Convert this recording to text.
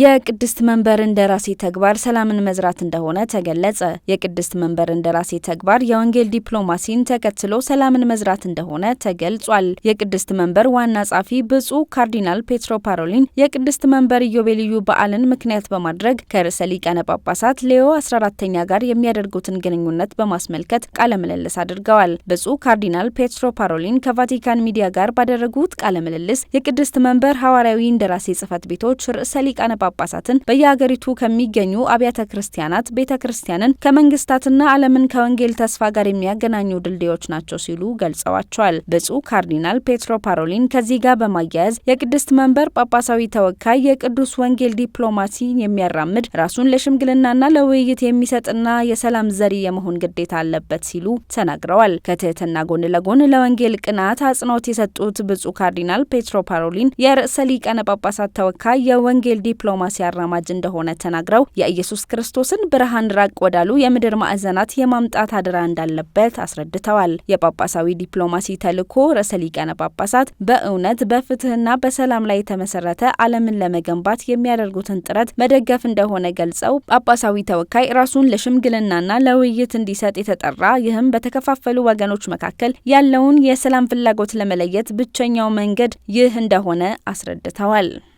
የቅድስት መንበር እንደራሴ ተግባር ሰላምን መዝራት እንደሆነ ተገለጸ። የቅድስት መንበር እንደራሴ ተግባር የወንጌል ዲፕሎማሲን ተከትሎ ሰላምን መዝራት እንደሆነ ተገልጿል። የቅድስት መንበር ዋና ጸሐፊ ብፁዕ ካርዲናል ፔትሮ ፓሮሊን የቅድስት መንበር ኢዮቤልዩ በዓልን ምክንያት በማድረግ ከርዕሰ ሊቃነ ጳጳሳት ሌዮ 14ተኛ ጋር የሚያደርጉትን ግንኙነት በማስመልከት ቃለ ምልልስ አድርገዋል። ብፁዕ ካርዲናል ፔትሮ ፓሮሊን ከቫቲካን ሚዲያ ጋር ባደረጉት ቃለ ምልልስ የቅድስት መንበር ሐዋርያዊ እንደራሴ ጽህፈት ቤቶች ርዕሰ ሊቃነ ጳጳሳትን በየሀገሪቱ ከሚገኙ አብያተ ክርስቲያናት ቤተ ክርስቲያንን ከመንግስታትና ዓለምን ከወንጌል ተስፋ ጋር የሚያገናኙ ድልድዮች ናቸው ሲሉ ገልጸዋቸዋል። ብፁዕ ካርዲናል ፔትሮ ፓሮሊን ከዚህ ጋር በማያያዝ የቅድስት መንበር ጳጳሳዊ ተወካይ የቅዱስ ወንጌል ዲፕሎማሲ የሚያራምድ ራሱን ለሽምግልናና ለውይይት የሚሰጥና የሰላም ዘሪ የመሆን ግዴታ አለበት ሲሉ ተናግረዋል። ከትህትና ጎን ለጎን ለወንጌል ቅናት አጽንኦት የሰጡት ብፁዕ ካርዲናል ፔትሮ ፓሮሊን የርዕሰ ሊቃነ ጳጳሳት ተወካይ የወንጌል ዲፕሎ ዲፕሎማሲ አራማጅ እንደሆነ ተናግረው የኢየሱስ ክርስቶስን ብርሃን ራቅ ወዳሉ የምድር ማዕዘናት የማምጣት አደራ እንዳለበት አስረድተዋል። የጳጳሳዊ ዲፕሎማሲ ተልዕኮ ርዕሰ ሊቃነ ጳጳሳት በእውነት በፍትህና በሰላም ላይ የተመሰረተ ዓለምን ለመገንባት የሚያደርጉትን ጥረት መደገፍ እንደሆነ ገልጸው ጳጳሳዊ ተወካይ ራሱን ለሽምግልናና ለውይይት እንዲሰጥ የተጠራ ይህም በተከፋፈሉ ወገኖች መካከል ያለውን የሰላም ፍላጎት ለመለየት ብቸኛው መንገድ ይህ እንደሆነ አስረድተዋል።